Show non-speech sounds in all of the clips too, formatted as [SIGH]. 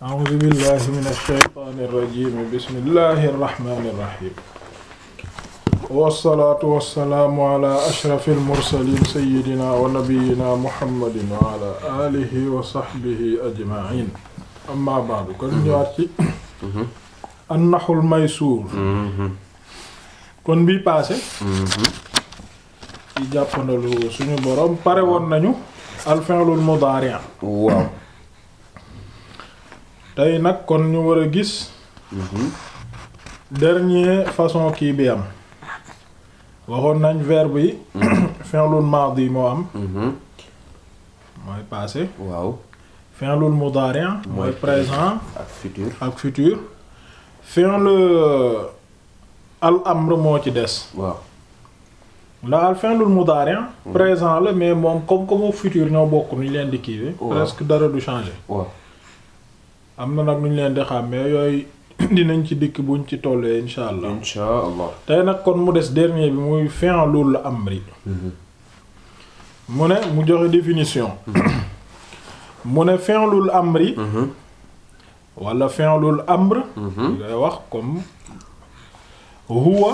a'uuzu billahi mina shaytaani rajiim bismillahi rahmaani rahiim wassalaatu wassalaamu ala ashrafil mursaliin sayyidina wa nabiyyina muhammadin wa ala aalihi wa sahbihi ajma'iin amma ba'du kon ñëwaat ci an-nahul maysuur kon bii paase ci jàppandalu suñu boroom pare woon nañu al fi'lul mudaari' waaw tey nag kon ñu war a gis mhm. dernier façon kii bi am waxoon nañ verbe yi mhm. [COUGHS] fi'lul maadi moo am mhm. mooy passé waaw fi'lul mudari' mooy présent ak futur ak futur fi'l euh, al moo ci des waaw la al fi'lul mudari' présent la mais moom comme comme futur ñoo bokk ñu leen di kii presque dara du changer waaw am na nag nu leen di xàmmee yooyu [COUGHS] dinañ ci dikk buñ ci tollee incha allah incha allah tey nag kon mu des dernier bi muy fi'lul amri mhm. mu ne mu joxe définition mhm. mu ne fi'lul amri mhm. wala fi'lul amr ngay wax comme huwa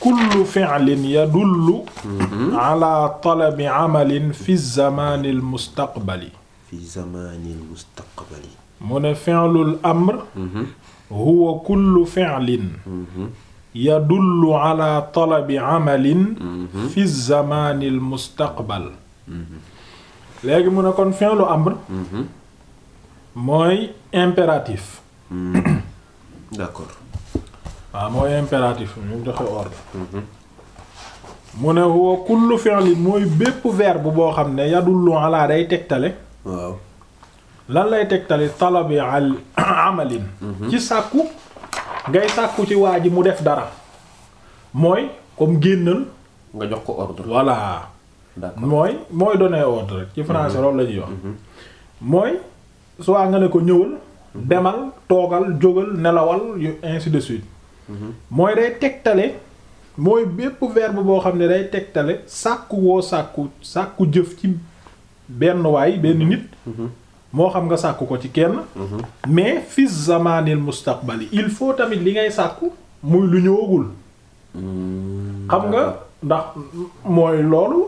kullu fi'lin yadullu ala talabi amalin fi zamanil mustaqbali fi zamanil mustaqbali mu ne fi'lul amr huwa kullu fi'lin yadullu ala talabi amalin fi zamanil mustaqbal léegi mu ne kon fi'lu amr mooy impératif d'accord waaw ah, mooy impératif joxe ordre mu ne huwa kullu fi'lin mooy bépp verbe boo xam ne yadul ala day tegtale lan lay tegtali talabi al amalin mhm. ci sàkku ngay sàkku ci waa ji mu def dara mooy comme génnal nga jox ko ordre voilà mooy mooy donner ordre ci français mhm. loolu la ñuy wax mhm. mooy soit nga ne ko ñëwal demal toogal jógal nelawal yu ainsi de suite mooy day tegtale mooy bépp verbe boo xam ne day tegtale sàkku woo sàkku sàkku jëf ci benn waay benn nit moo xam nga sàkku ko ci kenn mhm. mais fi zamanil mustaqbali il faut tamit li ngay sàkku muy lu ñëwagul hmm, xam nga ndax mooy loolu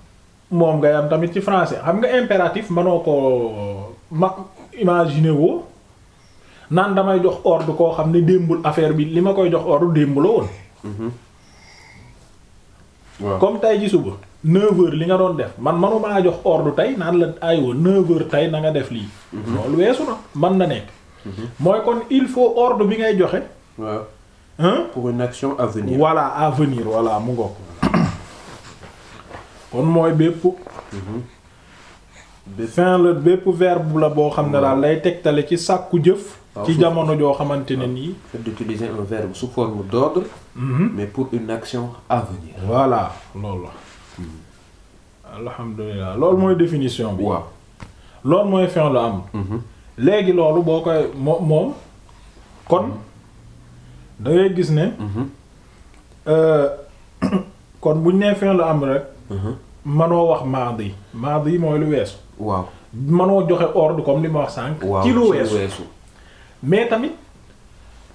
[CLEARS THROAT] moom nga am tamit ci français xam nga impératif mënoo ko ma imaginer woo naan damay jox ordre koo xam ne démbul affaire bi li ma koy jox ordre démb la woon mhm. comme tay ji suba neuf li nga doon def man manumaa jox ordre tey naan la aywa neuf heures tey na nga def lii mhm. loolu weesu na man na nekk mhm. mooy kon il faut ordre bi ngay joxe waaw pour une action à voilà à venir voilà mu ngoog [COUGHS] kon mooy bépp mhm. fin la bépp verbe la boo xam ne daal lay tegtale ci sàkku jëf ci jamono joo xamante ne nii. fait d'utiliser un verbe sous forme d'ordre mhm. mais pour une action à venir. loolu la. Hmm. loolu mooy définition bi. waaw loolu mooy fin lu am. Mhm. léegi loolu boo koy moom moom gis ne. Mhm. Euh, [COUGHS] kon buñ nee la am rek. manoo wax maadi maadi mooy lu weesu. waaw manoo joxe ordre comme li ma wax sànq. ci lu weesu. mais tamit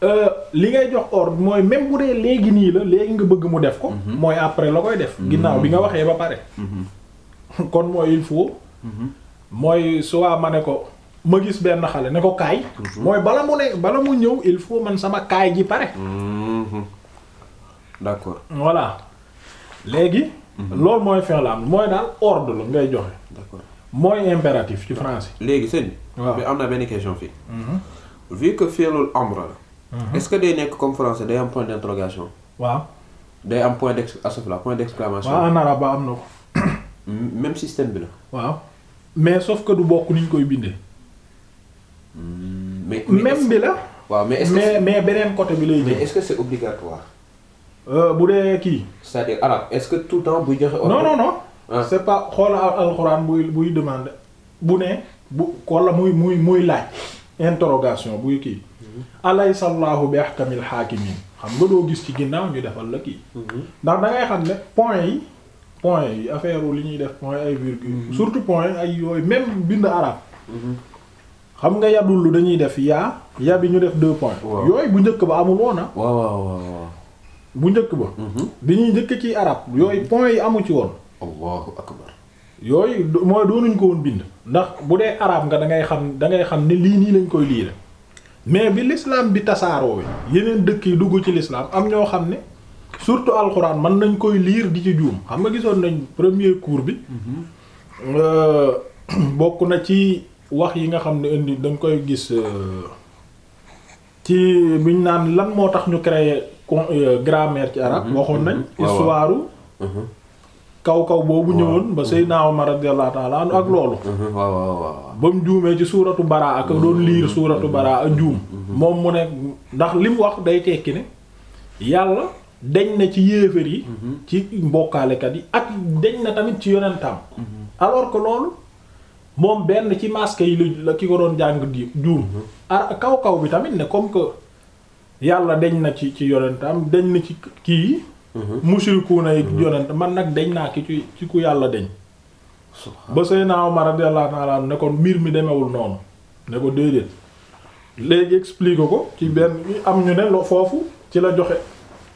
euh, li ngay jox ordre mooy même bu dee léegi nii la léegi nga bëgg mu def ko. Mhm. mooy après la koy def. Mhm. ginnaaw bi nga waxee ba pare. Mhm. [LAUGHS] kon mooy il faut. mooy soit ma ne ko ma gis benn xale ne ko kaay. mooy bala mu ne bala mu ñëw il faut man sama kaay ji pare. d'accord voilà léegi. loolu mooy fin la am mooy daal ordre la ngay joxe. d'accord mooy impératif ci français. léegi sëñ bi. waaw am na benn fii. vu que fi'lul amr la. Mhm. est-ce que day nekk comme français day am point d'interrogation. waaw. day am point d'ex astafurlah point d'exclamation. waaw am na ko. même système bi la. waaw mais sauf que bokk ni koy bindee. Hmm, mais même bi la. waaw mais est mais beneen côté bi lay jël. mais est-ce obligatoire. Euh, bu dee kii. c'est-à-dire arabe est-ce que tout le temps buy joxe. non non non. Ah. c'est pas xoolal alxuraan buy buy demander. bu ne bu wala muy muy muy laaj. interrogation buy kii mhm. alaysa allahu bi ahkamil hakimin xam nga doo gis ci ginnaaw ñu defal la kii mhm. ndax da xam ne point yi point yi affaire li ñuy def point ay virgule mhm. surtout point ay yooyu même bind arabe xam nga yadul lu dañuy def yaa ya bi ñu def deux points yooyu bu njëkk ba amul woon ah. waaw bu njëkk ba bi ñuy njëkk ci arab yooyu point yi amu ci woon yooyu mooy doonuñ ko woon bind ndax bu dee araab nga da ngay xam da xam ne lii nii lañ koy liire mais bi l'islam bi tasaaroo bi yeneen dëkk yi dugg ci l'islam am ñoo xam ne surtout alxuraan mën nañ koy liir di ci juum xam nga gisoon nañ première cours bi mhm. euh, bokk na ci wax yi nga xam ne indi danga koy gis euh, ci biñ naan lan moo tax ñu créer euh, grammaire ci arab mhm. waxoon nañ mhm. histoire kaw kaw boobu ñëwoon ba Seydina Omar radiyallahu ta'ala ak loolu mhm, mhm, waaw waaw ba mu juumee ci suuratu baraa ak mhm, doon liir suuratu baraa ak juum moom mu ne ndax li wax day tekki ne yàlla deñ na ci yéefar yi ci mbokkaalekat yi ak deñ na tamit ci yonentam alors que loolu moom benn ci masque yi la ki ko doon jàng juum ar kaw kaw bi tamit ne comme que yàlla deñ na ci ci yonentam deñ na ci kii yi Mm-hmm. mushrikuuna yi mm-hmm. yonent man nag deñ naa ki ci ku yàlla deñ ba Seydina Omar radiyallahu ta'ala ne kon mbir mi demewul noonu ne ko déedéet léegi explique ko ci benn am ñu ne foofu ci la joxe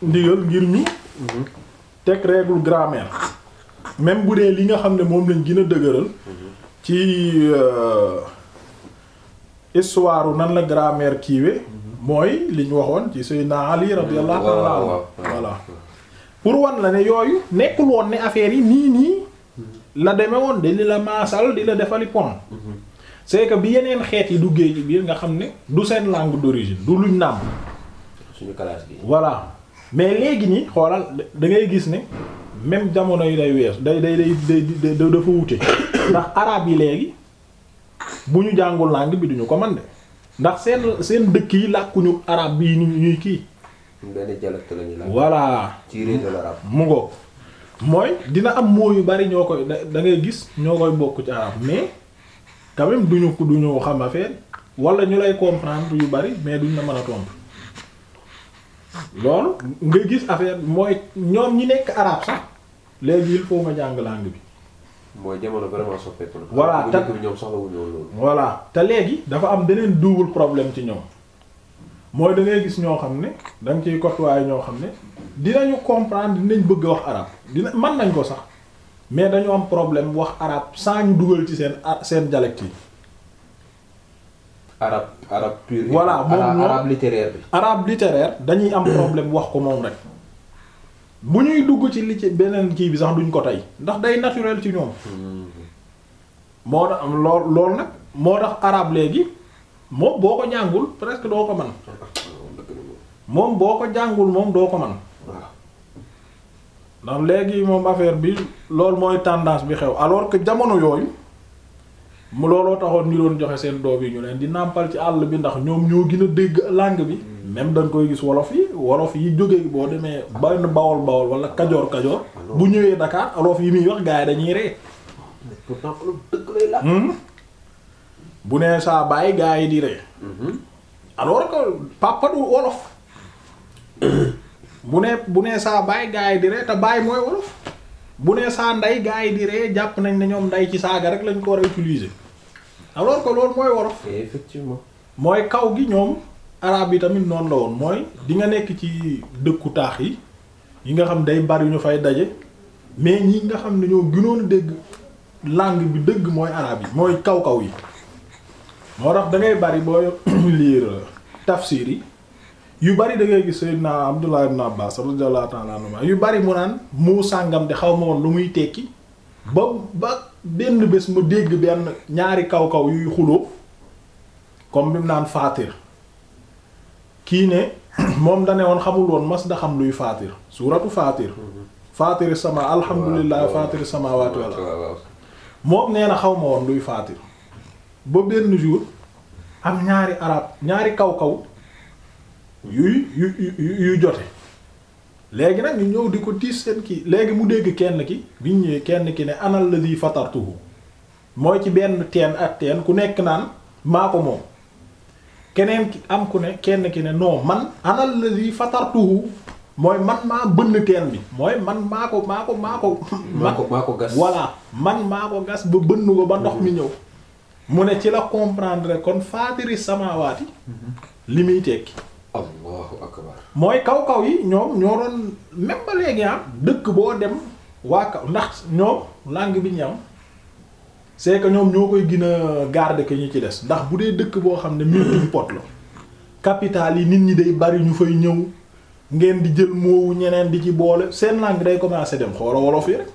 ndigal ngir ñu mm-hmm. teg règle grammaire même bu dee li nga xam ne moom lañ gën a dëgëral ci euh, histoire nan la grammaire kiiwe mooy li ñu waxoon ci Seydina Ali radiyallahu ta'ala voilà pour wan la ne yooyu nekkul woon ne affaire yi nii nii la deme woon de di la maasal di la defali pont c'est bi yeneen xeet yi duggee ci biir nga xam ne du seen langue d'origine du luñ nàmm suñu classe bi voilà mais léegi nii xoolal da ngay gis ne même jamono yi day wees day day day day dafa wute ndax arabe yi léegi bu ñu jàngul làng bi duñu ko man de ndax seen seen dëkk yi làkkuñu arabe bii ni ñuy kii benn dialecte lañu la. voilà ci réseau l'arabe mu mooy dina am mots yu bari ñoo koy da ngay gis ñoo koy bokk ci arabe mais quand duñu ko duñu xam affaire wala ñu lay comprendre yu bari mais duñ la mën a tontu loolu nga gis affaire mooy ñoom ñi nekk arabe sax léegi il faut nga jàng langue bi. mooy jamono vraiment soppeeku na. voilà te ñoom soxlawuñu loolu. voilà te léegi dafa am beneen double problème ci ñoom. mooy da ngay gis ñoo xam ne da nga ciy côtoyer ñoo xam ne dinañu comprendre dinañ bëgg a wax arab dina mën nañ ko sax mais dañu am problème wax arab saa ñu dugal ci seen seen dialecte yi. arab arab pur. voilà moom arab littéraire bi. arab littéraire dañuy am problème wax ko moom rek bu ñuy dugg ci li ci beneen kii bi sax duñ ko tey ndax day naturel ci ñoom. Hmm. moo tax am lool lool nag moo tax arab léegi. moom boo ko jàngul presque doo ko man moom boo ko jàngul moom doo ko man ndax léegi moom affaire bi lool mooy tendance bi xew alors que jamono yooyu mu looloo taxoon ñu doon joxe seen doom yi ñu leen di nàmpal ci àll bi ndax ñoom ñoo gën a dégg langue bi hmm. même dañ koy gis wolof yi wolof yi jóge boo demee benn bawol bawol wala kajoor kajoor ah, bu ñëwee Dakar wolof yi muy wax gars dañuy ree bu nee saa baay gaa yi di ree mhm. alors que papa du wolof [COUGHS] bu nee bu nee saa baay gaa yi di ree te baay mooy wolof bu nee saa ndey gaa yi di ree jàpp nañ ne ñoom ndey ci saaga rek lañ ko war a utiliser alors que loolu mooy wolof. effectivement mooy kaw gi ñoom araab yi tamit noon la woon mooy di nga nekk ci dëkku taax yi yi nga xam day bari ñu fay daje mais ñi nga xam ne ñoo gënoon dégg langue bi dëgg mooy araab yi mooy kaw kaw yi. moo tax da bari booy [CLEARS THROAT] lire tafsir yi yu bari da ngay gis Seydina Abdullah ibn Abbas radiyallahu ta'ala anhu yu bari mu naan mu sàngam di xaw ma woon lu muy tekki ba ba benn bés mu dégg benn ñaari kaw-kaw yuy xuloo comme bi mu naan faatir kii ne [CLEARS THROAT] moom da woon xamul woon mas xam luy faatir suuratu faatir mm-hmm. faatir sama alhamdulillah faatir samawati wal ard moom nee na xaw ma woon luy faatir ba benn jour am ñaari arab ñaari kaw-kaw yuy yu yuy jote léegi nag ñu ñëw di ko tiis seen kii léegi mu dégg kenn ki biñ ñëwee kenn ki ne anal la di fatartuhu mooy ci benn teen ak teen ku nekk naan maa ko moom keneen ki am ku ne kenn ki ne noo man anal la di fatartuhu mooy man maa bënn teen bi mooy man maa ko maa ko maa ko gas [LAUGHS] voilà man maa ko gas ba bënn ko ba ndox mi ñëw mu ne ci la comprendre kon faatiri samaawaati li muy tekki allahu mooy kaw kaw yi ñoom ñoo doon même ba léegi am ah dëkk boo dem waa kaw ndax ñoom langue bi ñu am c'est que ñoom ñoo koy gën a garder que ñu ci des ndax bu dee dëkk boo xam ne melting pot la capital yi nit ñi day bari ñu fay ñëw ngeen di jël moowu ñeneen di ci boole seen langue day commencer dem xoola wolof yi rek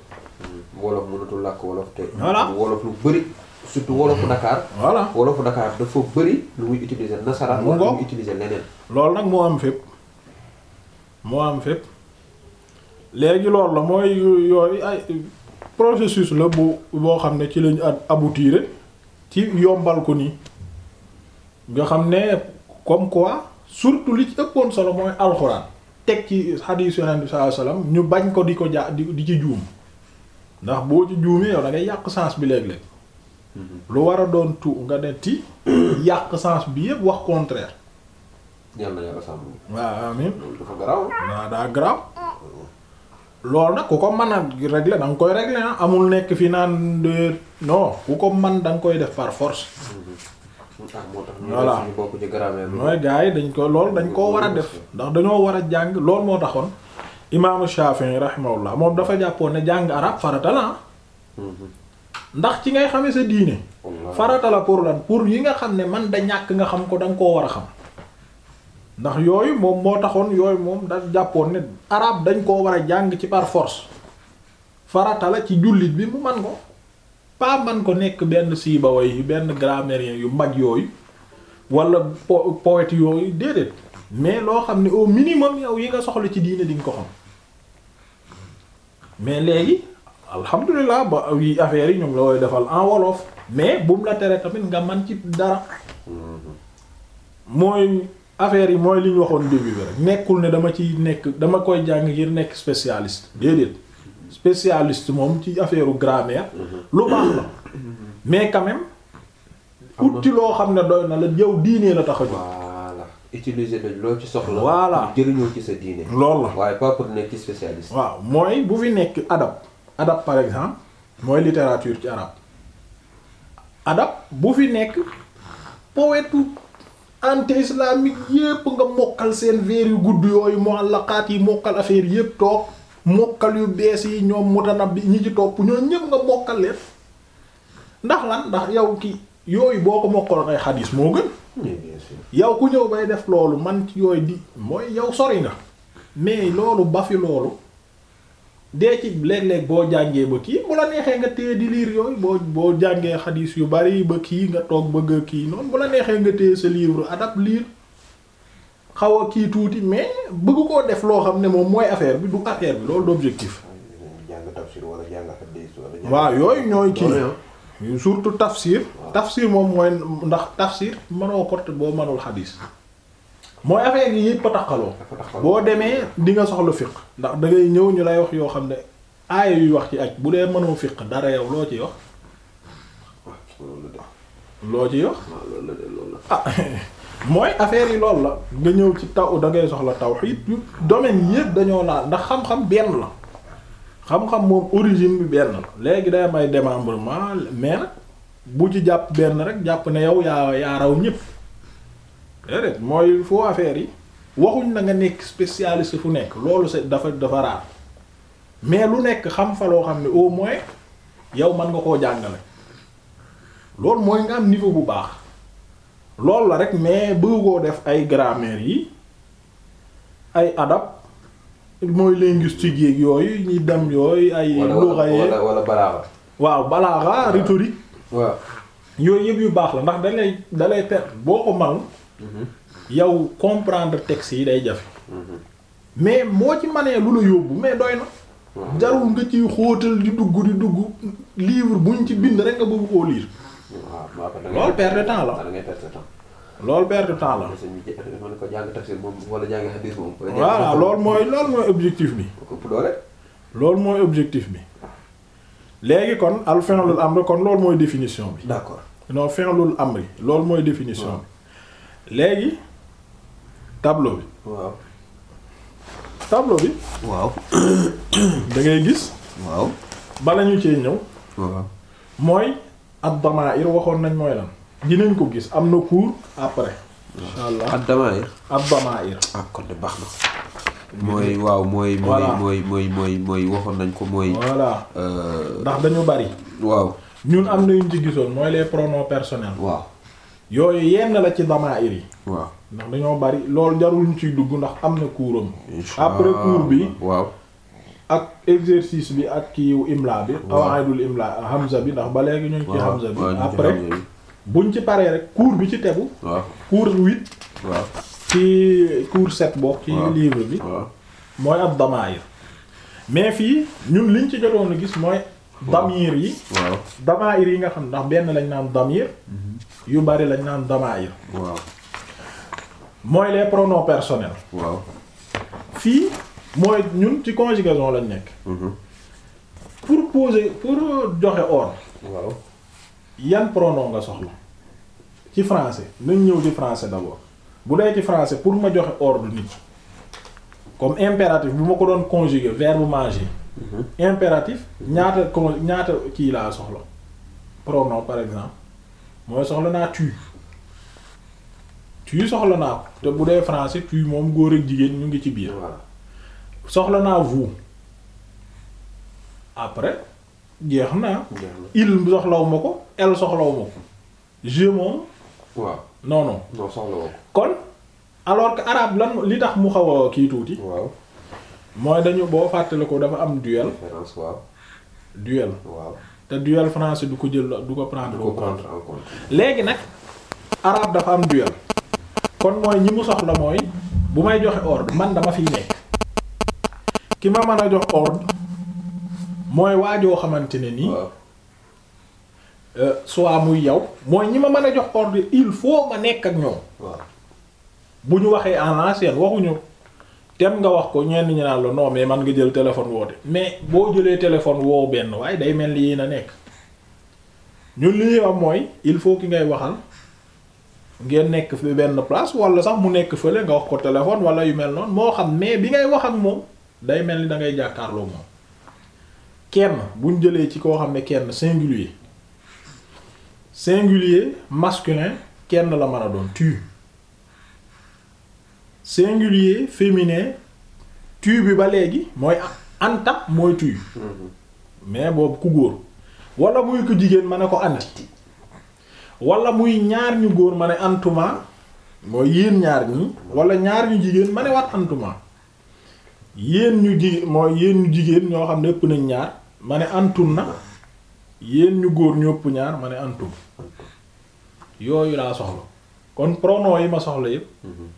mënatul làkk wolof wolof lu bari surtout wolofu Dakar. voilà wolofu Dakar dafa bëri lu muy utiliser nasaraan. mu lu muy utiliser leneen. loolu nag moo am fépp moo am fépp léegi loolu la mooy yooyu ay processus la bu boo xam ne ci lañu aboutir ci yombal ko nii nga xam ne comme quoi surtout li ci ëppoon solo mooy alxuraan. teg ci xadiis yonent bi sallallahu alayhi ñu bañ ko di ko jaa di ci juum ndax boo ci juumee yow da ngay yàq sens bi léeg-léeg. Mhm. lu war a doon tu nga ne ti [CLEARS THROAT] yàq sens bi yëpp wax contraire. yàlla yàlla sàmm. ko amiin loolu dafa garaaw. waaw daa garaaw. loolu nag ku ko mën a régler da koy régler ah amul nekk fi naan non ku ko man da koy def par force. Mhm. Ah, voilà mooy gars yi dañ ko lool dañ koo war a def mhm. ndax dañoo war a jàng lool moo taxoon imaamu Shafi'i rahimahullah moom dafa jàppoon ne jàng arab farata ah. ndax ci ngay xamee sa diine farata pour lan pour yi nga xam ne man da ñàkk nga xam ko da nga koo war a xam ndax yooyu moom moo taxoon yooyu moom da jàppoon ne arab dañ koo war a jàng ci parforce faratala ci jullit bi mu man ko pas man ko nekk benn siibawa yi benn grammairien yu mag yooyu wala po poète yooyu déedéet mais loo xam ne au minimum yow yi nga soxla ci diine di ko xam mais léegi alhamdulilah ba yi affaire yi ñoom la koy defal en wolof mais bu la tere tamit nga man ci dara mooy affaire yi mooy li ñu waxoon début bi rek nekkul ne dama ciy nekk dama koy jàng ngir nekk spécialiste déedéet spécialiste moom ci affaire grammaire lu baax la mais quand même loo xam ne doy na la jëw diine la tax a voilà utiliser la loo ci soxla. voilà jëriñoo ci sa diine. loolu la waaye pas pour nekk spécialiste. waaw mooy bu fi nekk adab. adab par exemple mooy littérature ci arab adab bu fi nekk powetu anti-islamique yépp nga mokkal seen veer yu gudd yooyu muallaqaat yi mokkal affaire yépp toog mokkal yu bees yi ñoom mutanabbi ñi ci topp ñoo ñépp nga mokkal leen ndax la ndax yow ki yooyu boo ko mokkaloon ay xadiis moo gën yow ku ñëw bay def loolu man ci yooyu di mooy yow sori nga mais loolu ba fi loolu dee ci léeg-léeg boo jàngee ba kii bu la neexee nga téye di liir yooyu boo boo jàngee xadiis yu bari ba kii nga toog bëgg kii noonu bu la neexee nga téye sa livre adab liir xaw a kii tuuti mais bëgg koo def loo xam ne moom mooy affaire bi du affaire bi loolu d'objectif. waaw yooyu ñooy kii ah. surtout tafsir tafsir moom mooy ndax tafsir mënoo ko boo manul xadis. mooy affaire yi yëpp a taxaloo boo demee di nga soxla fiq ndax dangay ngay ñëw ñu lay wax yoo xam ne aaya yuy wax ci aj bu dee mënoo fiq dara yow loo ciy wax loo ci wax ah, ah [LAUGHS] mooy affaire yi loolu la nga ñëw ci taw da ngay soxla tawhid domaine yëpp dañoo laal ndax xam-xam benn la xam-xam moom origine bi benn la léegi day may démembrement mais nag bu ci jàpp benn rek jàpp ne yow yaa yaa raw ñëpp mooy foo faut yi waxuñ na nga nekk spécialiste fu nekk loolu c'est dafa dafa raar mais lu nekk xam fa loo xam ne au moins yow mën nga koo jàngale loolu mooy nga am niveau bu baax loolu la rek mais bëggoo def ay grammaire yi ay adab mooy linguistique yeeg yooyu ñi dem yooyu ay lugha wala balaaxa waaw balaaxa rhétorique waaw yooyu yëpp yu baax la ndax dalay dalay per boo ko man Mm-hmm. yow comprendre texte yi day jafe. Mm-hmm. mais moo ci manee lu la yóbbu mais doy na. Mm-hmm. jarul nga ci xóotal di dugg di dugg livre buñ ci bind rek nga bëgg koo lire. Ah, loolu perte de temps la. loolu perte de temps la. voilà loolu mooy loolu mooy objectif bi. loolu mooy objectif bi. léegi kon al am amri kon loolu mooy définition bi. d'accord non am amri loolu mooy définition ah. bi. léegi tableau bi. waaw. tableau bi. waaw. [COUGHS] dangay gis. waaw. bala ñu ci ñëw. waaw mooy ad damaa'ir waxoon nañ mooy lan. dinañ ko gis am na cours après. incha allah ad ah kon de baax na. mooy waaw mooy. voilà mooy mooy mooy mooy waxoon nañ ko mooy. voilà euh, ndax dañu bari. waaw ñun am na yuñ ci gisoon mooy les pronoms personnels. waaw. yooyu yenn la ci damaa'ir yi ndax dañoo bari loolu jarul ñu ciy dugg ndax am na kuuram après cours bi waaw ak exercice bi ak kiiw imla bi qawaidul imla hamza bi ndax ba léegi ñu ngi ci hamza bi après buñ ci paree rek cours bi ci tegu waaw cours huit waaw ci cours sept bokk ci livre bi mooy ab damaa'ir mais fii ñun liñ ci jotoon a gis mooy damir yi waaw damaayir yi nga xam ndax benn lañ naan damir mhm. yu bari lañ naan damaayir waaw mooy les pronoms personnels waaw fii mooy ñun ci conjugaison lañ nekk mhm. pour poser pour joxe ordre waaw yan prono nga soxla ci français nañ ñëw ci français d'abord bu dee ci français pour ma joxe ordre nit comme impératif bu ma ko doon conjuguer verbe manger Mhm. impératif ñaata con ñaata kii laa soxla pronom par exemple mooy soxla naa tu tu soxla naa ko te bu dee français tu moom góor ak jigéen ñu ngi ci biir soxla naa vous après jeex na il soxlaw ma ko elle soxlaw ko je moom waaw non non non soxlaw ko kon alors que arabe li tax mu xaw a kii tuuti waaw mooy dañu boo fàttaliku dafa am duel. référence waaw. waaw te duel français du ko jël du ko prendre en compte léegi nag arabe dafa am duel kon mooy ñi mu soxla mooy bu may joxe ordre man dama fiy nekk ki ma mën a jox ordre mooy waajoo xamante ne nii. Euh, soit muy yow mooy ñi ma mën a jox ordre il faut ma nekk ak ñoom. bu ñu waxee en ancien waxuñu. dem nga wax ko ñeen ñi naan la non mais man nga jël téléphone woote mais boo jëlee téléphone woow benn waaye day mel ni yéen a nekk ñu li ñuy wax mooy il faut ki ngay waxal ngeen nekk fi benn place wala sax mu nekk fële nga wax ko téléphone wala yu mel noonu moo xam mais bi ngay wax ak moom day mel ni da ngay jàkkaarloo moom kenn buñ jëlee ci koo xam ne kenn singulier singulier masculin kenn la mën a doon tu singulier féminin tu bi ba léegi mooy anta mooy tu mhm. mais boobu ku góor walla muy ku jigéen ma ne ko ant walla muy ñaar ñu góor ma ne antuma mooy yéen ñaar ñi wala ñaar ñu jigéen ma ne waat antuma yéen ñu jigéen jigéen ñoo xam ne ëpp nañ ñaar ma ne antun na yéen ñu góor ñu ëpp ñaar ma ne antum yooyu laa soxla kon pronom yi ma soxla yépp mhm.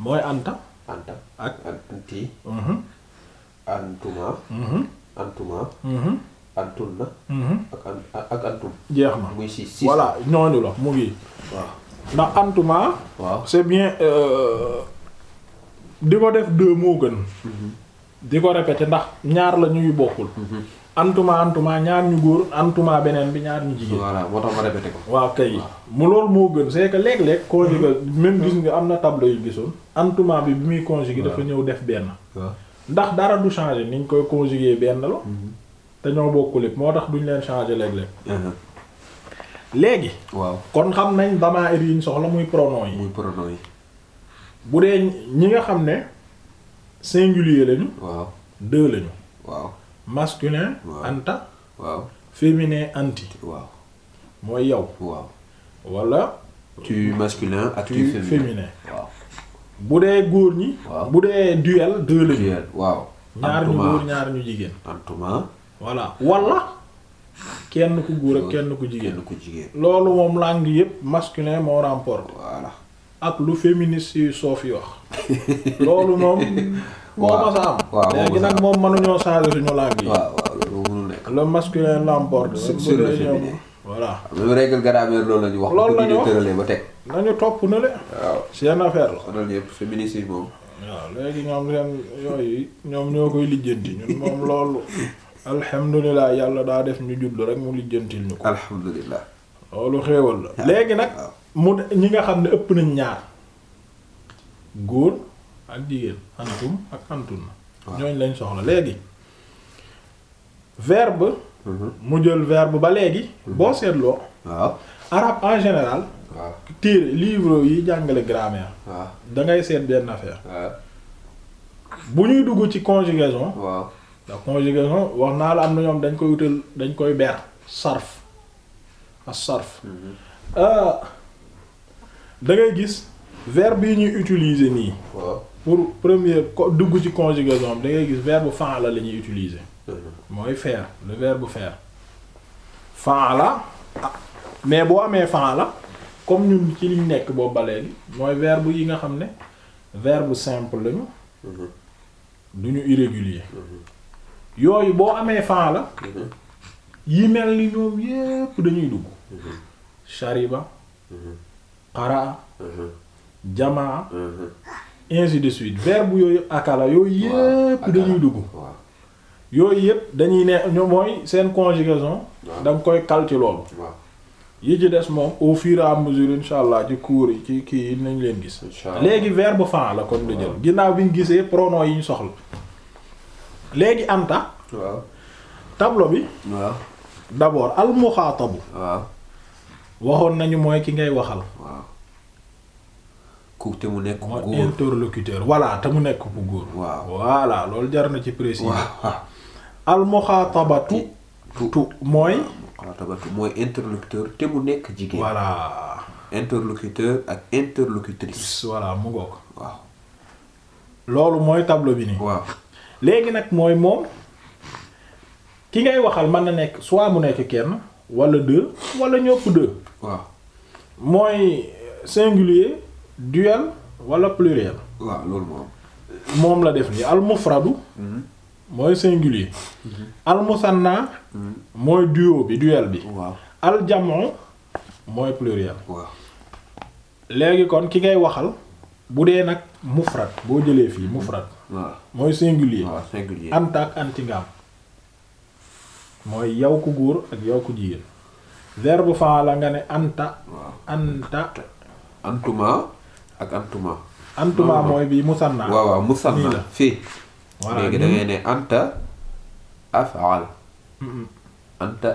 mooy anta anta ak anti mhm. antuma mhm. antuma mhm. ak an jeex na muy si si voilà ñooñu la mu ngi waaw ndax antuma waaw c'est bien euh, di ko def deux moo gën di ko répéter ndax ñaar la ñuy bokkul antuma antuma ñaar ñu góor antuma beneen bi ñaar ñu jigéen. voilà boo tax ma répété ko. waaw kay mu loolu moo gën c'est que léeg-léeg. Mm-hmm. conjugué gis nga am na tableau yu gisoon. bi bi muy conjugué dafa ñëw def benn. ndax dara du changer niñ koy conjugué benn la. Mm-hmm. te ñoo bokk lépp moo tax duñ leen changer léeg-léeg. Uh-huh. léegi. waaw kon xam nañ damair yi soxla muy pronom yi. muy pronom bu dee ñi nga xam ne singulier lañu. waaw deux lañu. waaw. masculin. waaw anta. waaw féminin anti. waaw mooy yow. waaw wala. tu masculin ak féminin waaw bu dee góor ñi. bu dee duel deux duel waaw. ñaar ñu góor ñaar ñu jigéen. antuma. voilà wala. kenn ku góor ak kenn ku jigéen. kenn ku jigéen. loolu moom langue yépp masculin moo remporte. ak lu féministe yu soof yi wax [LAUGHS] loolu moom. waaw moo sa am. léegi nag moom mënuñoo changer suñu langue yi. waaw waaw loolu mënul nekk. le masculin l'emporte. sur le féminin lu règle loolu la wax. loolu la ñu wax tëralee ba teg. nañu topp na le. waaw seen affaire la. xanaa ñëpp féministe yi moom. waaw léegi ñoom seen yooyu ñoom ñoo koy lijjanti ñun moom loolu. [LAUGHS] alhamdulilah yàlla daa def ñu jublu rek mu lijjantil ñu ko. alhamdulilah. loolu xéewal la. léegi nag. mu ñi nga xam ne ëpp nañ ñaar góor ak jigéen antum ak antunna ñooñ lañ soxla léegi verbe mhm. mu jël verbe ba léegi mhm. boo seetloo arabe en général waaw téere livre yi jàngale grammaire waaw da seet benn affaire bu ñuy dugg ci conjugaison waaw ndax conjugaison wax naa la am na ñoom dañ koy wutal dañ koy ber sarf as sarf mhm. euh, da ngay gis verbe yi ñuy utiliser nii. pour premier dugg ci conjugaison da ngay gis verbe fa'ala la ñuy utiliser. Mhm. mooy faire le verbe faire. fa'ala ah, mais boo amee fa'ala comme ñu ci liñ nekk boobu bale léegi mooy verbe yi nga xam ne verbe simple lañu. Mhm. du ñu irrégulier. Mhm. yooyu boo amee fa'ala. yi mel ni ñoom yépp dañuy dugg. shariba. qaraa mhm. jamaa mhm. ainsi de suite verbe yooyu akala yooyu yépp dañuy dugg yooyu yépp dañuy ne ñoom mooy seen conjugaison da koy kal yi ci des moom au fur et à insha allah ci cours yi ci kii yi nañ leen gis léegi verbe fen la kon la jël ginnaaw bi ñu gisee pronoms yi ñu soxla léegi anta tableau bi d'abord al muxaatabu waxoon nañu mooy ki ngay waxal. waaw ku te mu nekk ku góor interlocuteur te mu nekk ku góor. waaw voilà loolu jar na ci préciser. waaw tu mooy. mooy interlocuteur te mu nekk jigéen. voilà. interlocuteur ak interlocutrice. voilà mu ngoog. loolu mooy tableau bi waaw léegi nag mooy moom ki ngay waxal mën na nekk soit mu nekk kenn wala deux wala ñëpp deux. waaw mooy singulier duel wala pluriel. waaw loolu moom. la def nii al mufradu. Mm-hmm. mooy singulier. Mm-hmm. al musanna. Mm-hmm. mooy duo bi duel bi. waaw al jamu mooy pluriel. waaw léegi kon ki ngay waxal bu dee nag mufrad boo jëlee fii mufrad. mooy singulier. waaw singulier anta ak anti mooy yow ku góor ak yow ku jigéen. verbe la nga ne anta anta antuma ak antuma antuma mooy bi musanna waaw waaw musanna fii léegi da ngay ne anta af'al anta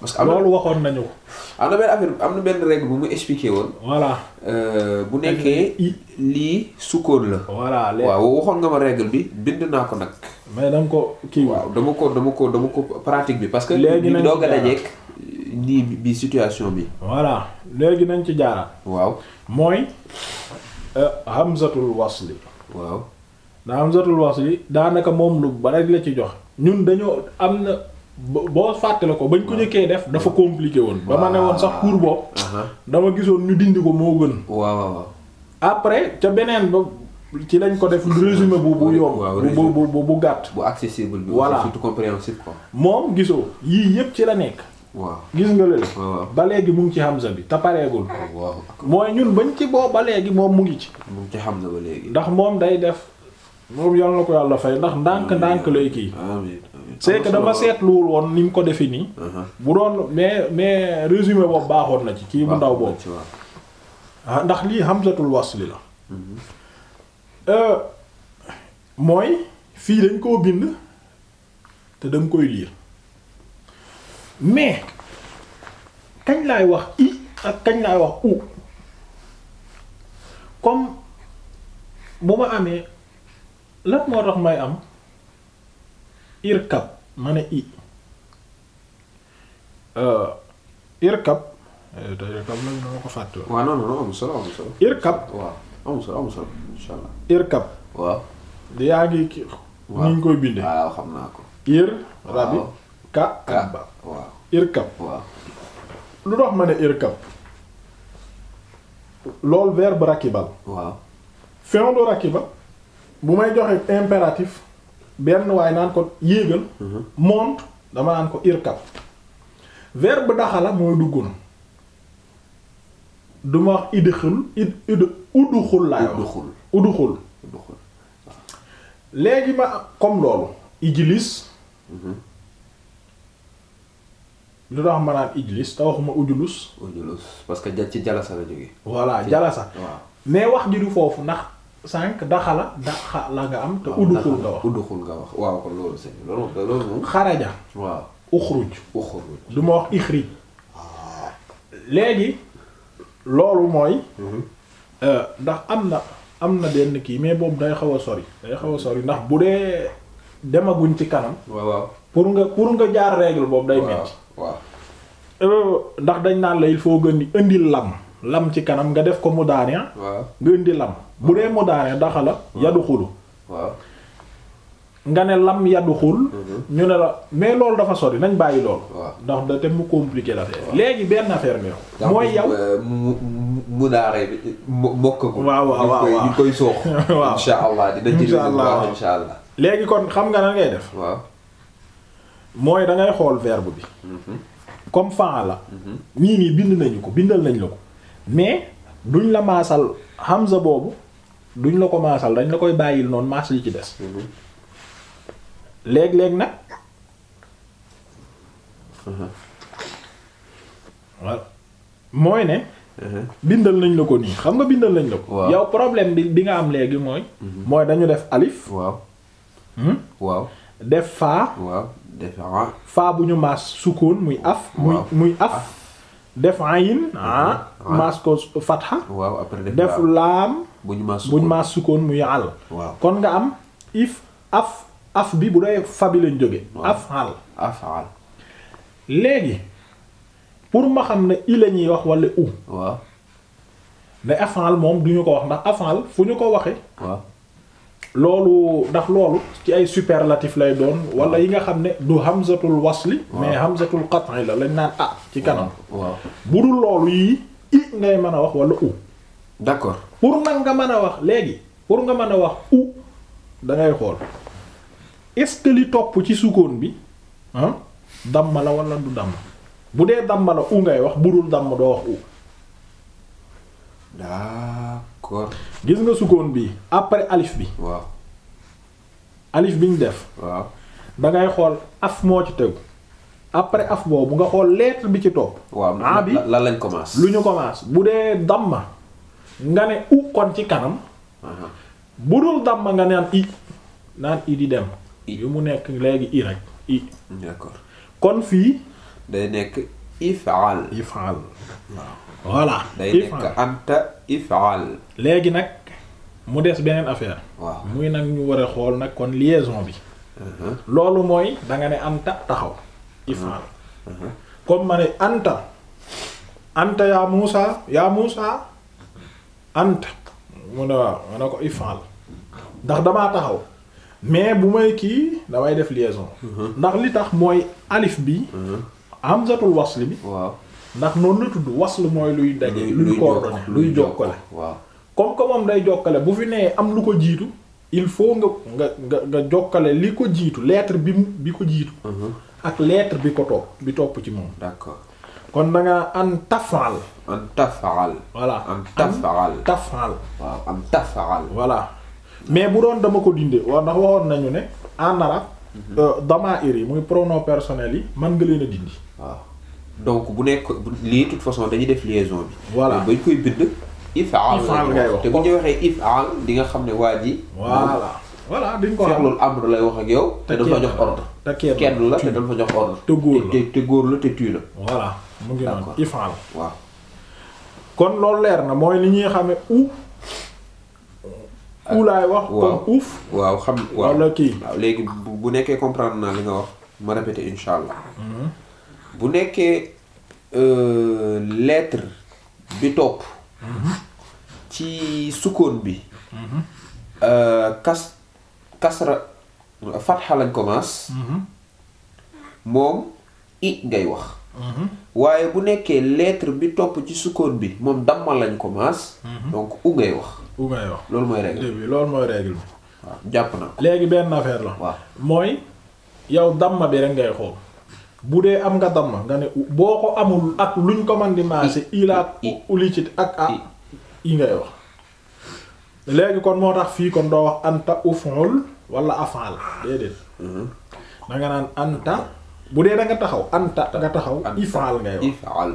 parce que loolu waxoon nañu ko. am na benn affaire am na benn règle bu mu expliqué woon. voilà euh, bu nekkee. lii sukkoon la. voilà waaw waxoon nga ma règle bi bind naa ko nag. mais dama ko kii. waaw dama ko dama ko pratique bi parce que. léegi nañ ci doog a dajeeg nii bi situation bi. voilà léegi nañ ci jaaraat. waaw mooy. Euh, hamzatul wasli. waaw. na hamzatul wasli daanaka moom lu bare la ci jox. ñun dañoo am na. boo fàttale ko bañ ko njëkkee def dafa compliqué woon. ba ma ne woon sax cours boobu. dama gisoon ñu dindi ko moo gën. waaw après ca beneen ba ci lañ ko def résumé bu bu yomb. bu bu bu gàtt. bu accessible bi. voilà surtout compréhensible quoi. moom gisoo yii yépp ci la nekk. waaw gis nga léegi. ba léegi mu ngi ci Hamza bi te pareegul. waaw mooy ñun bañ ci boo ba léegi moom mu ngi ci. mu ngi ci Hamza léegi. ndax moom day def. moom yoon la ko yàlla fay ndax ndànk ndànk lay kii. c'est dama seetluwul woon ni mu ko defee nii. Uh-huh. bu doon mais mais résumé boobu baaxoon na ci. kii bu ndaw boobu ah, ndax lii hamzatul wasli la. Uh-huh. Euh, mooy fii dañ koo bind te dañ koy liir mais kañ lay wax i ak kañ laay wax u comme bu ma amee lan moo tax may am. irkab ma ne i uh, irkab eh, irkab la dama ko fàtte waaw non non amul solo amul solo irkab waaw yaa ngi ki ni ñu koy bindee waaw xam naa ko ir rabi ka ak ba waaw irkab waaw lu dox ma ne irkab loolu verbe rakibal waaw fin du bu may joxe impératif benn waaye naan ko yéegal mhm. monte dama naan ko irkab verbe daxala mooy dugg na duma wax idxul id id udxul laay wax léegi ma comme loolu ijlis mhm. lu tax ma naan ijlis te waxuma ujulus ujulus parce que ci jalasa la jóge voilà jalasa mais wax ji du foofu ndax sànq daxala daxala nga am. te udduxul nga wax waaw kon loolu sëñ bi loolu loolu xaraja. waaw uxruj. ma wax ixrij. Ah. léegi loolu mooy. Mhm. Euh, ndax am na am na benn kii mais boobu day xaw a sori. day xaw a sori ndax bu dee demaguñ ci kanam. waaw pour nga pour nga jaar règle boobu day metti waaw euh, ndax dañ naan la foo gën di indi lam lam ci kanam nga def ko mu daane. Ah. waaw nga indi lam. bu dee mudaare daxala yadxulu waaw nga ne lam yadxul mhm. ñu ne la mais loolu dafa sori nañ bàyyi lool ndax da te mu compliqué la léegi benn affaire mi mooy yow mudaare euh, bi mokkagul waaw waaw waaw ñu koy soox [LAUGHS] waaw insha allah allah léegi kon xam nga na ngay mooy dangay xool verbe bi mhm. comme faala mhm. nii nii bind nañu ko bindal nañ la ko mais duñ la maasal hamza boobu duñ la ko maasal dañ la koy bàyyil noonu maas yi ci des mhm. léeg-léeg nag mhm. voilà mooy ne mhm. bindal nañ la ko nii xam nga bindal nañ la ko yow problème bi bi nga am léegi mooy mooy dañu def alif waaw hmm? waaw def faa faa bu ñu maas sukkoon muy af muy muy af def ayin a ah, maas ko fatha def laam buñ ma sukkoon buñ maa sukkoon muy àll. waaw kon nga am if af af bi bu dee fa lañ jóge af àll af àll. léegi pour ma xam ne i la ñuy wax wala u. waaw ne afal moom du ñu ko wax ndax afal fu ñu ko waxee. loolu ndax loolu ci ay superlatif lay doon wala yi nga xam ne du hamzatul wasli. mais hamzatul qat'i la lañ naan a ci kanam. waaw budul loolu yi i ngay mën a wax wala u. pour nag nga mën a wax léegi pour nga mën a wax u dangay xool est li topp ci sukkoon bi ah damma la wala du damm bu dee damma la u ngay wax bu dul damm doo wax u d'accord gis nga sukkoon bi après alif bi waaw alif bi ñu def waaw ngay xool af moo ci tegu après af boobu nga xool lettre bi ci topp waaw a bi lañ commence lu ñu commence bu dee damma nga ne u kon ci kanam bu dul damma nga naan i naan i di dem yu mu nekk léegi i rek i kon fii day nekk ifal ifal voilà day léegi nag mu des beneen affaire waaw muy nag ñu war xool nag kon liaison bi loolu mooy danga ne anta taxaw ifal comme ma ne anta anta yaa Muusa yaa Muusa ant mu ne waaw ma ne ko ifal ndax damaa taxaw mais bu may kii damay def liaison mhm. ndax li tax mooy alif bi mhm. hamzatul wasl bi waaw ndax noonu la tudd wasl mooy luy daje luy coordonné luy jokkale waaw comme que moom day jokkale bu fi nee am lu ko jiitu il faut nga nga nga nga jokkale li ko jiitu lettre bi bi ko jiitu mhm. ak lettre bi ko topp bi topp ci moom d'accord kon da ngaa an tafaal. an tafaal. voilà an tafaal. tafaal waaw an tafaal. voilà mais bu doon dama ko dindi waaw ndax waxoon nañu ne en arabe. Mhm. Euh, damaa'ir yi muy pronom personnel yi man nga leen a dindi. waaw donc bu nekk lii de façon dañuy def liaison bi. voilà bañ koy bind. if'al ngay wax te bu ñu waxee if'al di nga xam ne waa ji. voilà. voilà duñ am seexlul amr lay wax ak yow. te dafa jox ordre. te kenn la te dafa jox ordre. te góor la te tuy la. voilà mu ngi noonu ifaal kon loolu leer na mooy li ñuy xamee u. Ah, u laay wax. waaw comme waaw xam waaw léegi bu nekkee comprendre naa li nga wax ma répété insha allah. Mm-hmm. bu nekkee euh, lettre bi topp. Mm-hmm. ci sukkoon bi. Mm-hmm. Euh, kas. kasra fatxa lañ commence mhm. moom i ngay wax mhm. waaye bu nekkee lettre bi topp ci sukkoon bi moom damma lañ commence mhm. donc u ngay wax u ngay wax loolu mooy règle bi mooy règle jàpp na léegi benn affaire la waaw mooy yow damma bi rek ngay xool bu dee am nga damma nga ne boo ko amul ak luñ ko man di maase i laa uli ci ak a i ngay wax léegi kon moo tax fii kon doo wax anta uf'ul wala af'al déedéet mhm. da nga naan anta bu dee da taxaw anta nga taxaw if'al ngay wax if'al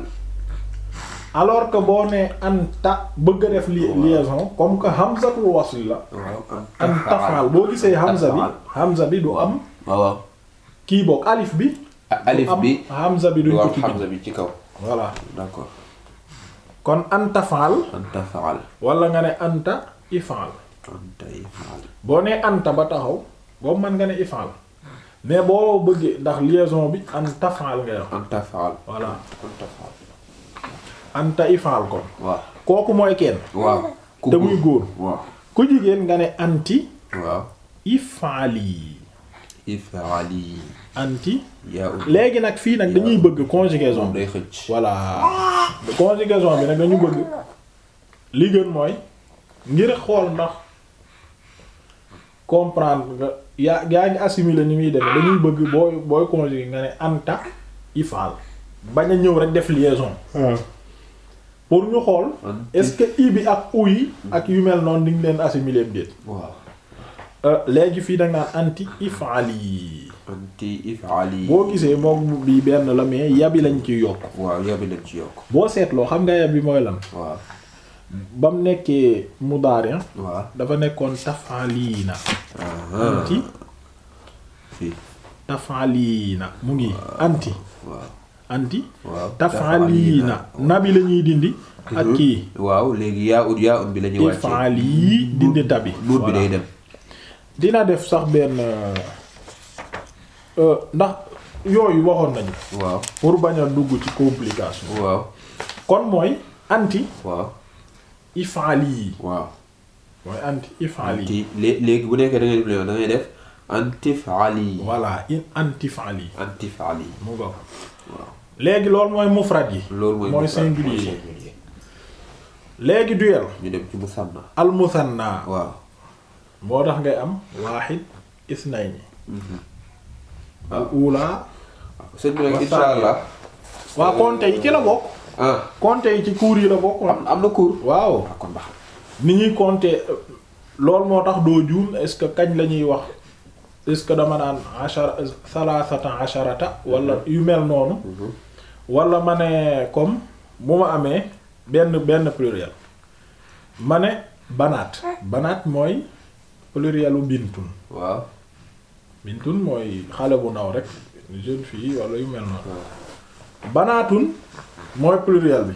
alors que boo nee anta bëgg a def li liaison comme que hamzatul wasl la anta fa'al boo gisee hamza bi hamza du am waaw kii boog alif bi alif bi hamza bi duñ ko ci hamza bi ci kaw voilà d'accord kon anta fa'al anta nga ne anta ifaal boo nee anta ba taxaw boobu mën nga ne ifaal mais boo bëggee ndax liaison bi anta faal ngay wax anta faal anta faal anta ifaal kooku mooy kenn waaw te muy góor waaw ku jigéen nga ne anti waaw ifaali léegi nag fii nag dañuy bëgg conjugaison day xëcc voilà conjugaison bi nag dañu bëgg li gën mooy ngir xool ndax comprendre nga yaa yaa ngi assimiler ni muy def dañuy bëgg booy booy conjuguer nga ne anta ifal bañ a ñëw rek def liaison ah. pour ñu xool ah, est-ce que i bi ak u ak yu mel noonu di nga leen assimiler bi déet waaw euh, léegi fii nag naan anti ifali anti ifali boo gisee moom bi benn la mais yabi lañ ci yokk waaw yabi lañ ci yokk boo seetloo xam nga yabi mooy lan waaw ba mu nekkee mudaari ah. waaw dafa nekkoon tafaliina anti tafaliina mu ngi anti anti tafaliina nabi lañuy dindi mhm. ak kii waaw léegi yaa ut yaa ut bi lañuy wàcce tafalii dindi tabi buur bi day dem dina def sax benn euh, ndax yooyu waxoon nañu waaw pour bañ dugg ci complication waaw kon mooy anti ifaali yi. waaw mooy anti ifaali. anti léegi bu nekkee da ngay def da ngay def antifaali yi. voilà in antifaali. mu ngoog léegi loolu mooy mufrad yi. loolu mooy mooy yi. léegi duel. ñu dem ci musanna. al waaw. moo tax ngay am. waaxid isnayni. Mhm. al uula. sëñ bi nag incha allah. waaw kon ci la bokk. Ah. compter yi ci cours yi la bokk. am na cours waaw. Ah, kon baax ni ñuy compter euh, loolu moo tax doo juum est-ce que kañ la ñuy wax est-ce que dama naan achara salaasata acharata wala mhm. yu mel noonu. Mhm. wala ma ne comme bu ma amee benn benn pluriel ma ne banaat. banaat mooy plurielu bintun. waaw bintun mooy xale bu ndaw rek jeune fille wala yu mel noonu. Ah. banaatun. mooy pluriel bi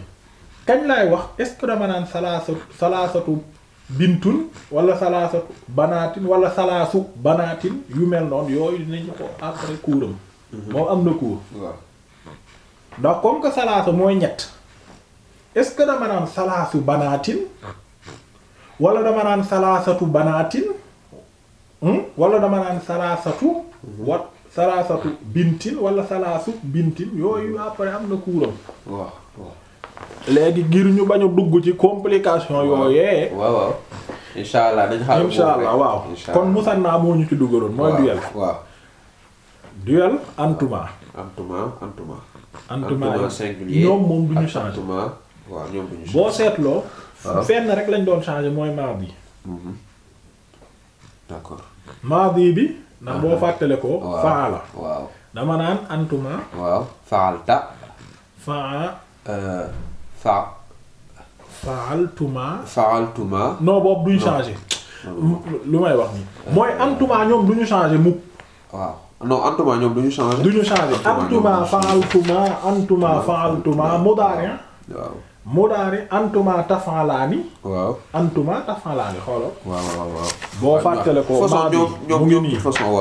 kañ laay wax est ce que dama naan salaasatu salaasatu bintun wala salaasatu banaatin wala salaasu banaatin yu mel noonu yooyu dinañu ko après kuuram mhm. moom am na kuur ndax comme que salaasa mooy ñett est ce que dama naan salaasu banaatin wala dama naan salaasatu banaatin hmm, wala dama naan salaasatu mhm. wat salaasatu bintin wala salaasu bintin yooyu après am na kuuram léegi ngir ñu bañu dugg ci complication yooyee waaw waaw incha allah dañu xaar moo ñu ci duggaloon mooy duel waaw boo seetloo ah. fenn rek lañ doon changer mooy maadi mhm. d'accord bi ndax boo fàttale ko faala waaw dama naan antuma waaw faalta faa euh, fa faaltuma faaltuma non boobu duñ changer lu may wax nii mooy euh, antuma ñoom duñu changer mukk waaw non antuma ñoom duñu changer duñu changer antuma faaltuma antuma faaltuma mudaari waaw mudaari antuma tafalaani. waaw antuma tafalaani xoolal. waaw waaw waaw. boo fàttale ko maa bi mu ngi nii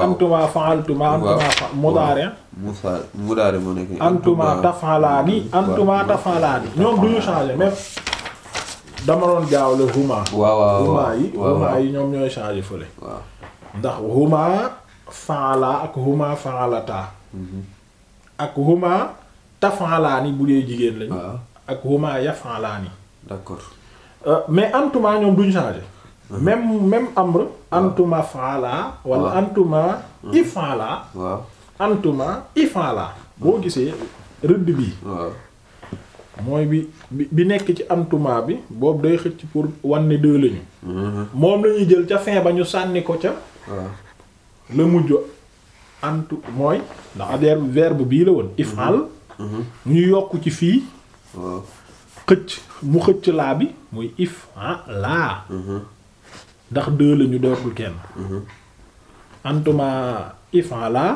antuma faaltuma antuma fa mudaari. mudaari moo nekk antuma tafalaani antuma tafalaani. ñoom du changer même. dama doon jaawle huma. huma yi huma yi ñoom ñooy changer fële. ndax huma faala ak huma faalata. Mhm. ak huma tafalaani bu dee jigéen lañu. ak huma yaf'alani d'accord euh, mais antuma ñoom duñ changer mhm. même même amr antuma fa'ala walla antuma mhm. if'ala waaw antuma if'ala boo gisee rëdd bi mooy bi bi nekk ci antuma bi boobu day xëcc pour wan ne mhm. moom lañuy jël ca fin ba ñu sànni ko ca la mujj antu mooy ndax adverbe bii la woon if'al ñu yokk ci fii xëcc mu xëcc laa bi muy if ah laa mhm. ndax deux la ñu dootul kenn mhm. antuma ifan laa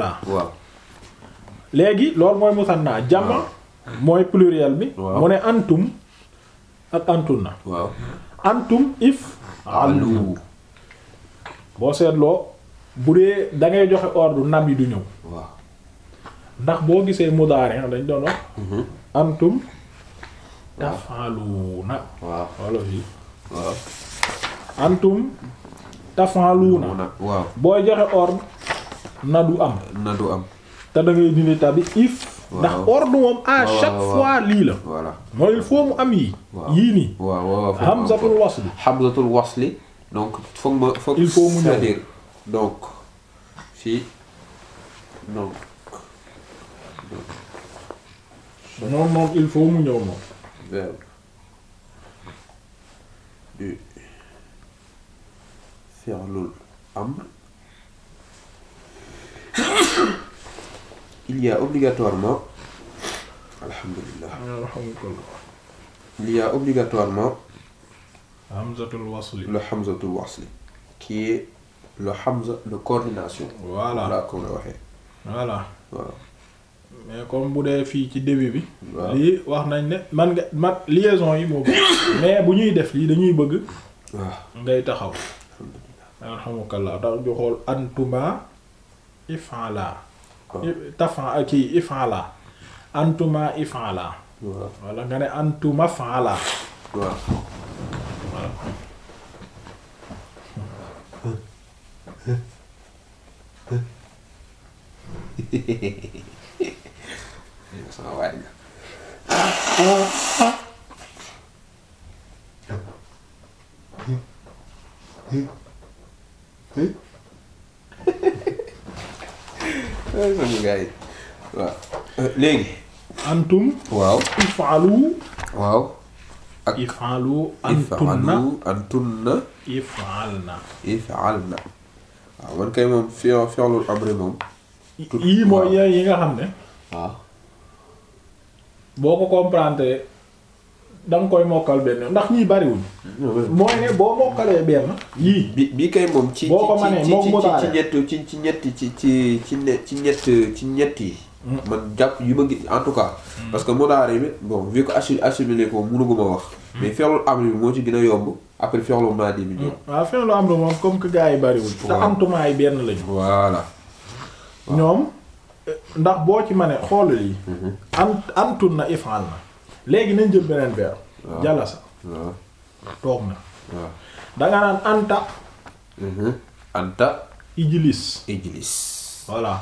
laa léegi loolu mooy musanna jama mooy pluriel bi mu ne antum ak antunna waaw antum if allu ah, boo seetloo bu dee da joxe ordre nam yi du ñëw ndax boo gisee mudaari dañ doon wax. Mhm. antum. tafaaluuna. booy joxe ordre. na du am. te da dindi tabi if. ndax ordre moom à chaque fois lii la. voilà mooy mu am yii. yii nii. waaw wasli. hamzatul wasli donc foog ma foog. il donc fii noonu moom il faut mu ñëw moom il y obligatoirement alhamdulillah alhamdulillah il y a obligatoirement hamzatul wasli le hamzatul wasli qui est le hamza de coordination voilà la ko la waxee mais comme bu dee fii ci début bi. lii wax nañ ne man nga man liaison yi moo bëgg mais bu ñuy def lii dañuy bëgg. ngay taxaw. alhamdulilah tax ñu xool antuma ifala. tafan kii ifala. antuma ifala. wala nga ne antuma fala. waaw. [LAUGHS] sama waay ga sama gars yi waaw léegi antum waaw ifaalu waaw ak ifaalu antunna antunna ifaalna ifaalna waaw man kay moom fi fi'lul amri moom yii mooy yi nga xam ne waaw boo ko comprendre da nga koy mokkal benn ndax ñi bariwuñ mooy ne boo mokkalee benn. yii bi bi kay moom. ci ci ci ci ñetti ci ci ci ci ñett ci ñett yi. Mm. man jàpp yu ma gis en tout cas. Mm. parce que mudaare bi bon vu que assu assimilé ko mënuguma wax. Mm. mais fi'lul amri bi a yomb après fi'lul maadi bi ñëw. waaw fi'lul amri moom comme que gars yi bariwul. waaw te amtumaay benn lañu. voilà. ñoom. ndax boo ci mënee xool lii. Mhm. an antun na ifal na. léegi nañ jël beneen verbe. waaw jalasa. toog na. da naan mhm. anta. ijlis ijlis. voilà.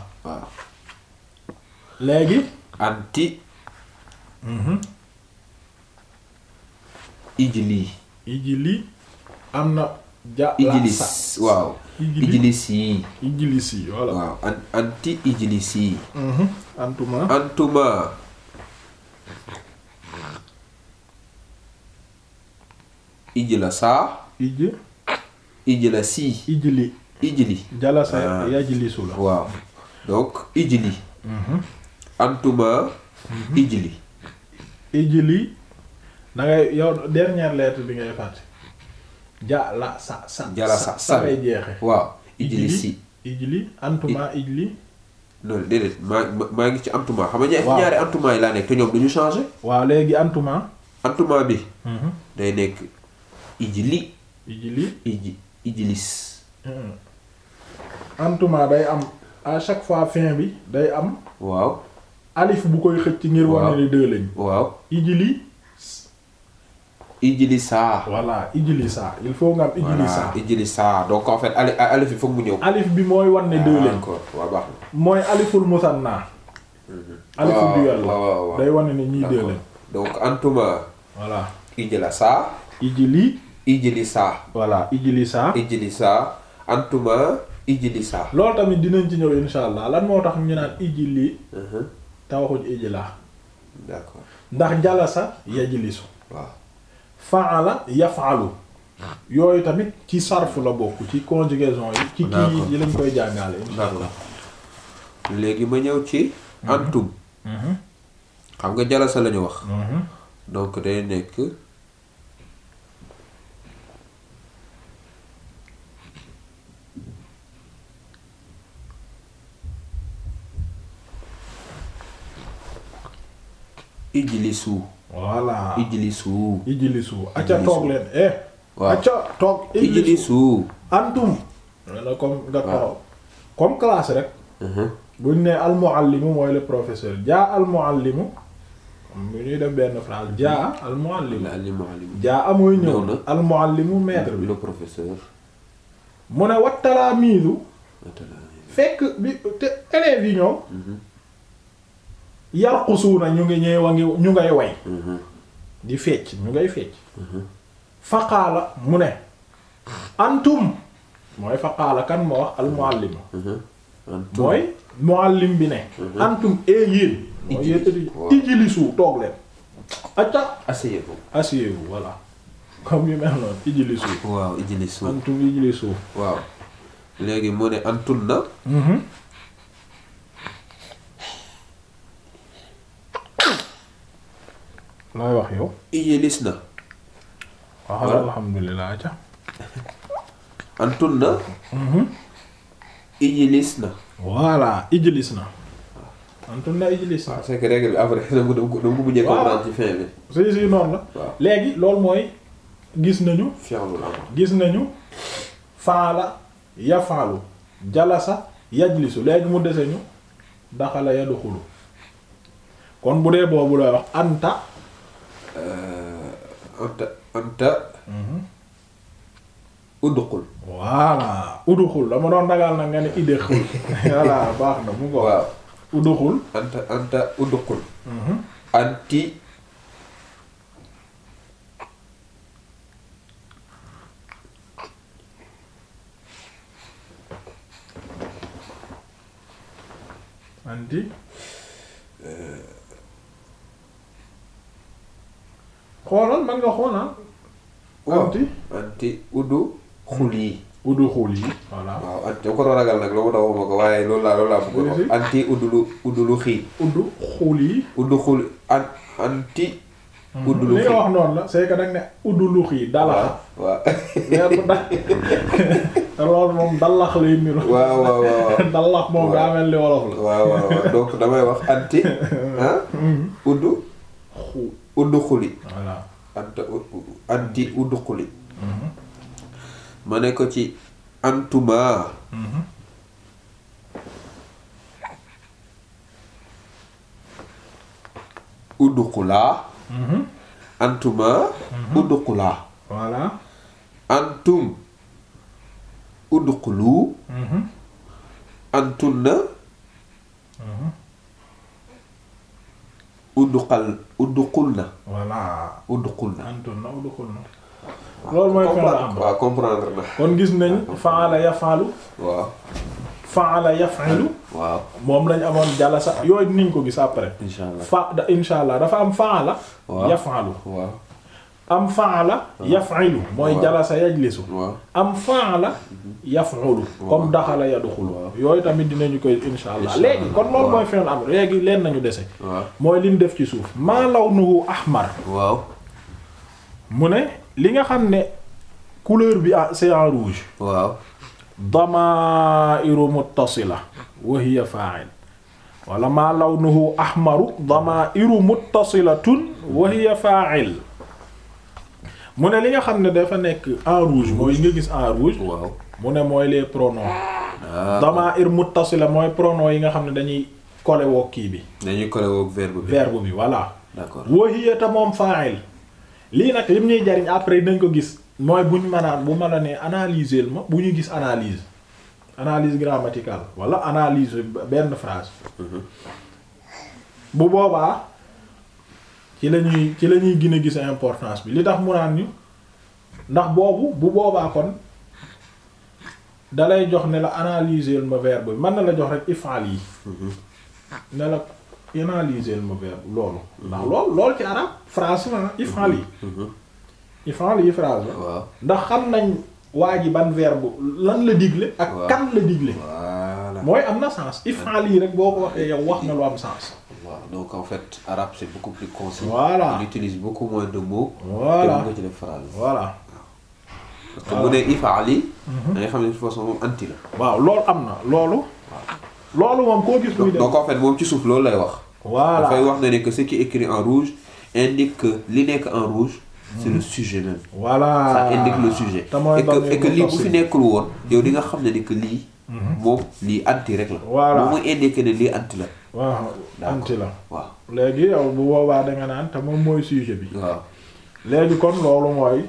léegi. anti. Mhm. ijli. ijli. am na. jalasa ijlis waaw. ijlisi ijlisi voilà waaw anti ijlisi mhm. antuma antuma ijlasa ij ijlasi ijli ijli jalasa yajlisu la ah. waaw donc ijli mhm. antuma mhm. ijli ijli da ngay yow dernière lettre bi ngay fàtte jaala sa sa jaala sa sawee jeexe waaw ijli si ijli antuma ijli non déedéet maa maa ngi ci antuma xam nga ñaari antuma yi laa nekk te ñoom duñu changé waaw léegi antuma antuma bi mhm. day nekk ijli ijlis mhm. antuma day am à chaque fois fin bi day am waaw alif bu koy xëcc ngir wane ni deux waaw ijli Idrissa. voilà Idrissa il faut nga am Idrissa. voilà Idrissa donc en fait alif bi foog mu ñëw. alif bi mooy wan ne deux lañ ko waaw baax na. mooy aliful musanna. Mhm. aliful duel la day wan ne ñii deux donc antuma. voilà Idrissa. Idili. Idrissa. voilà Idrissa. Idrissa antuma Idrissa. loolu tamit dinañ ci ñëw insha allah lan moo tax ñu naan Idili. Mhm. te waxuñ Idila. ndax jalasa yajlisu. waaw. faala yafalu yooyu tamit ci sarf la bokk ci conjugaison yi ci kii yi lañ koy jàngale inshallah léegi ma ñëw ci mhm. antum mhm. xam nga jalasa lañu wax mhm. donc day nekk ijlisu voilà ijlisu ijlisu acca toog leen eh waaw acca toog ijlisu antum na comme nga toog comme classe rek uh-huh. buñ ne al mooy le jaa al muallimu ñuy def benn phrase jaa al jaa amooy ñëw na al bi le professeur mu ne wat talaamiidu fekk bi te élèves yi ñoom uh-huh. na ñu ngi ñëw a ñu ngay way mhm. di fecc ñu ngay fecc mhm. faqaala mu ne antum mooy faqaala kan moo wax almuallimu mhm. mooy muallim bi ne antum e yéen ijlisu toog leen acca asseyez-vous asseyez-vous voilà comme yu mel noonu ijlisu waaw ijlisu antum ijlisu waaw léegi mu ne antun na looy wax yow. ijlis na. waxal alhamdulilah ca. [LAUGHS] antun na. Mhm. ijlis na. voilà ijlis na. antun na ijlis na. waaw ah, c'est que la. léegi loolu mooy gis nañu. gis nañu. faala yafaalu jalasa yajlisu léegi mu dese ñu daxala yadxulu kon bu dee boobu lay wax anta. Euh, Anta Anta. Mhm. Uduxul. voilà Uduxul dama doon ragal nag nga ne Idexul voilà [LAUGHS] baax na mu ko. waaw Uduxul. Anta Anta Uduxul. Mhm. anti. xoolal man nga xool ah. waaw uddu xul yi. Hmm. uddu xul yi voilà. waaw anti ko loolu dama ko waaye loolu laa loolu uddu lu xii. uddu xul yi. uddu xul anti. Hmm. uddu lu xii li nga wax noonu la c'est que da [LAUGHS] [LAUGHS] waaw waaw. waaw donc damay wax anti. [LAUGHS] ah hmm. uddu. udduxuli voilà adda addi mm-hmm. ma ne ko ci antuma mm-hmm. udduxulaa mm-hmm. antuma udduxulaa antum udduxulu antunna udduqal udduqul na. voilà udduqul na. antoon na udduqul na. comprendre na. kon gis nañ faala yafaalu. waaw. faala yafalu. waaw moom lañ amoon jalasa yooyu niñ ko gis après. incha allah dafa am faala. waaw yafalu am fa'ala ah. yaf'ilu mooy jalasa yajlisu am fa'ala mhm. yaf'ulu comme daxala yadxulu yooyu tamit ñu koy insha allah léegi kon loolu mooy fi'l amr léegi leen nañu dese mooy li def ci suuf maa lawnuhu ahmar waaw mu ne li nga xam ne couleur bi ah, c'est en rouge waaw damaa'iru muttasila wa hiya fa'il wala maa lawnuhu ahmaru damaa'iru muttasilatun wa hiya fa'il mu ne li nga xam ne dafa nekk en rouge mooy yi nga gis en rouge. waaw mu ne mooy les pronoms. Ah. damair muttasila mooy pronoms yi nga xam ne dañuy collé woog kii bi. dañuy collé woog verbe bi. verbe bi voilà. d'accord wa hiya ta moom fa'il lii nag lim ñuy jariñ après dañ ko gis. mooy bu ñu mënaan bu ma la nee analyser ma bu ñu gis analyse analyse grammaticale wala analyse benn phrase. Mhm. bu boobaa. ci lañuy ñuy la ñuy gën a gis importance bi li tax mu naan ndax boobu bu boobaa kon dalay jox ne la analyser ma verbe bi man na la jox rek ifal yi mhm. ne la ma verbe loolu mhm. ndax lool lool ci arab phrase la ifal yi mhm. ifal yi phrase la ndax xam nañ waa ji ban verbe lan la digle ak kan la digle mooy am na sens ifal yi rek boo ko waxee wax na lu am sens. voilà donc en fait arabe c'est beaucoup plus concis. voilà on utilise moins de mots. voilà te nga ci def phrase. voilà. parce que bu nee ifal yi. da nga moom waaw loolu am na loolu. loolu moom koo gis. ci suuf loolu lay wax. voilà dafay wax ne ne ce qui écrit en rouge indique li nekk en rouge. c'est le sujet même. voilà ça indique le sujet. et que lii bu fi nekkul woon. yow di nga xam ne ni lii. boobu mhm. lii anti rek la. voilà bu muy lii anti la. waaw anti léegi bu boobaa da nga naan te moom mooy sujet bi. waaw léegi kon loolu mooy.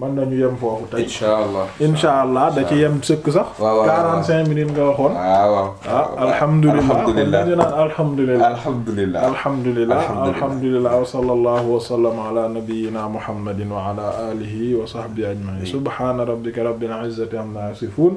mën nañu yem foofu tey incha allah incha allah da ci yem sëkk sax. waaw waaw 45 minutes nga waxoon. waaw ah, waaw ah alhamdulilah alhamdulilah kon naan alhamdulilah. alhamdulilah alhamdulilah alhamdulilah wa sallallahu wa sallam ala nabiyyina muhammadin wa ala alihi wa sahbihi ajma'in subhana rabbika rabbil izzati amma yasifun